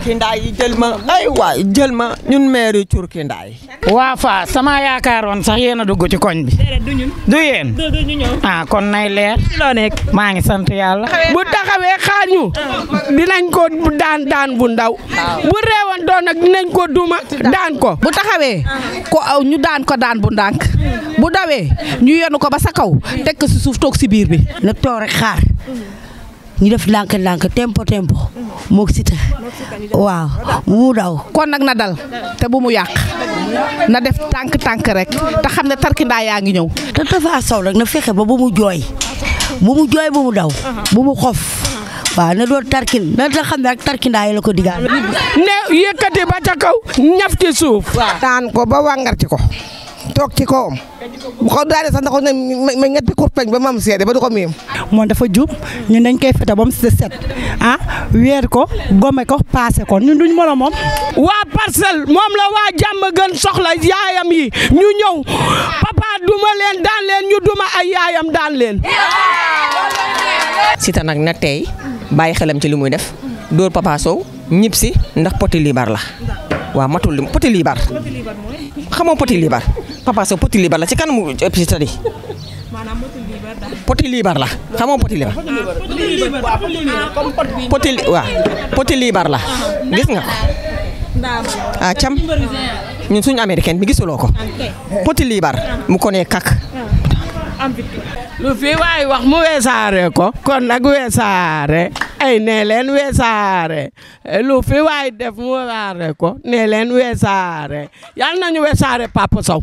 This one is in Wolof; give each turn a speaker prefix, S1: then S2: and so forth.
S1: curkindaay yi jël ma ay waay jël ma ñun maire curkindaay
S2: waa Fass sama yaakaaroon sax yéen a dugg ci koñ bi. du yéen. ah kon nay leer. maa ngi sant yàlla. bu taxawee xaar dinañ ko daan daan bu ndaw. bu réewoon doon dinañ ko duma daan ko. bu taxawee ko ñu daan ko daan bu ndànk bu dawee ñu yenu ko ba sa kaw teg ko si suuf toog si biir bi. nag toog rek xaar. ñu def ndànk-ndànk tempo tempo moog Siteu waaw mu daw kon nag na dal te bu mu yàq na def tànk tànk rek te xam ne tarkindaa yaa ngi ñëw te Tafa Sow rek na fexe ba bu mu jooy bu mu jooy bu mu daw bu mu xof waaw na doon tarkin na xam ne rek tarkindaa yi la ko digaal ne yëkkati ba ca kaw ñaf suuf taan ko ba wàngarti ko toog ci kawam bu ko daane sax ndax ne ma ñetti kurpeñ ba mam seede ba du ko miim moom dafa jub ñun dañ koy fete ba mu set ah weer ko gome ko paase ko ñun duñ mën a moom waa parcelle moom la waa jàmm gën
S1: soxla yaayam yi ñu ñëw papa
S2: duma leen daan leen ñu duma ay yaayam
S1: daan leen Siteu nag na tey bàyyi xelam ci li muy def dóor Papa Sow ñib si ndax poti liibar la waaw matul li poti liibar xamoo poti liibar papa Sow poti la ci kanamu épicerie poti liibar la xamoo poti liibar la gis nga ko ah, cam ñun suñu américaine bi gisuloo ko poti liibar mu ko kak lu fi waay wax mu weesaare ko kon nag weesaare way nee leen wesaare lu fi waay def mu waare ko nee leen wesaare yal nañu wesaare Papa Sow